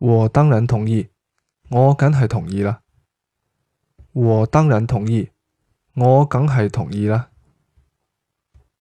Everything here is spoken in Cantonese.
我當然同意，我梗係同意啦。我當然同意，我梗係同意啦。